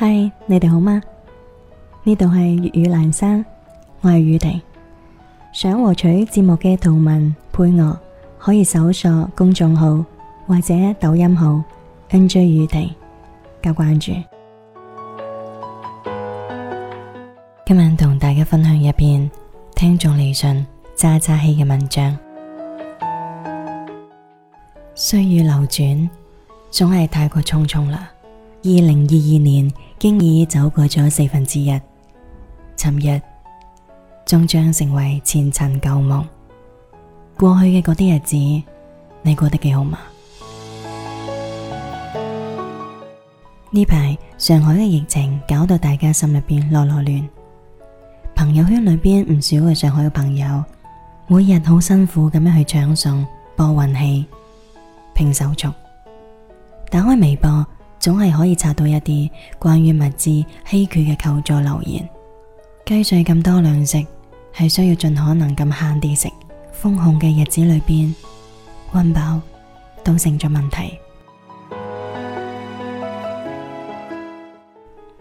嗨，Hi, 你哋好嗎？呢度係粵語闌珊，我係宇婷。想獲取節目嘅圖文配樂，可以搜索公眾號或者抖音號 NJ 宇婷加關注。今晚同大家分享一篇聽眾嚟信渣渣希嘅文章。歲月流轉，總係太過匆匆啦。二零二二年經已走過咗四分之一，尋日終將成為前塵舊夢。過去嘅嗰啲日子，你過得幾好嘛？呢排 上海嘅疫情搞到大家心入邊囉囉攣，朋友圈裏邊唔少嘅上海嘅朋友，每日好辛苦咁樣去搶餸、博運氣、拼手速，打開微博。總係可以查到一啲關於物資稀缺嘅求助留言。雞碎咁多糧食，係需要盡可能咁慳啲食。封控嘅日子裏邊，溫飽都成咗問題。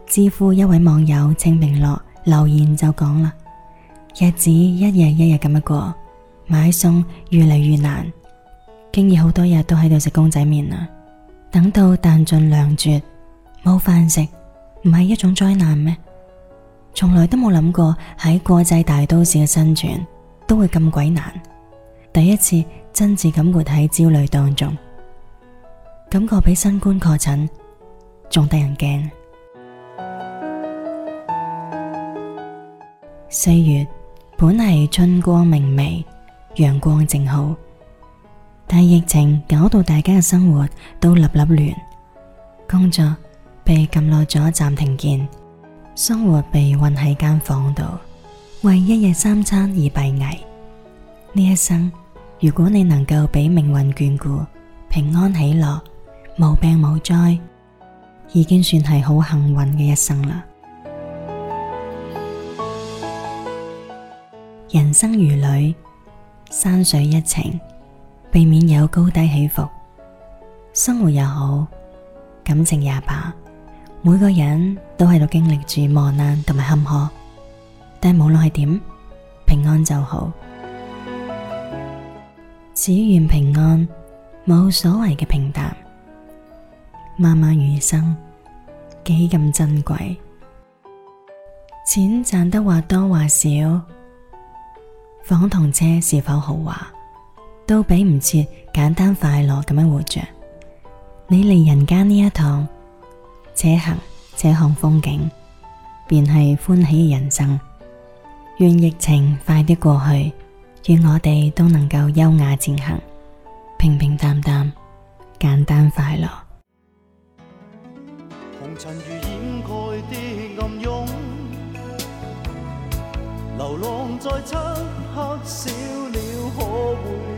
知 乎一位網友清平樂留言就講啦：日子一日一日咁樣過，買餸越嚟越難，經已好多日都喺度食公仔麵啦。等到彈盡糧絕，冇飯食，唔係一種災難咩？從來都冇諗過喺國際大都市嘅生存都會咁鬼難，第一次真摯咁活喺焦慮當中，感覺比新冠確診仲得人驚。四月本係春光明媚，陽光正好。但疫情搞到大家嘅生活都立立亂，亂，工作被撳落咗暫停鍵，生活被困喺間房度，為一日三餐而閉翳。呢一生，如果你能夠俾命運眷顧，平安喜樂，無病無災，已經算係好幸運嘅一生啦。人生如旅，山水一程。避免有高低起伏，生活也好，感情也罷，每個人都喺度經歷住磨難同埋坎坷，但無論係點，平安就好。只願平安，冇所謂嘅平淡，漫漫餘生幾咁珍貴，錢賺得或多或少，房同車是否豪華？都比唔切簡單快樂咁樣活着。你嚟人間呢一趟，且行且看風景，便係歡喜人生。願疫情快啲過去，願我哋都能夠優雅前行，平平淡淡，簡單快樂。紅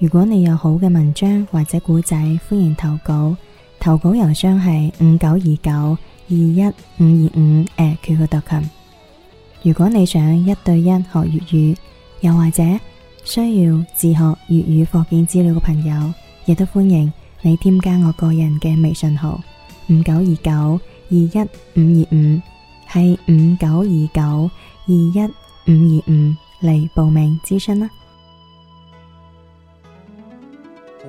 如果你有好嘅文章或者古仔，歡迎投稿。投稿郵箱係五九二九二一五二五 at QQ 點 com。如果你想一對一學粵語，又或者需要自學粵語課件資料嘅朋友，亦都歡迎你添加我個人嘅微信號五九二九二一五二五，係五九二九二一五二五嚟報名諮詢啦。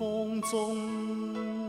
風中。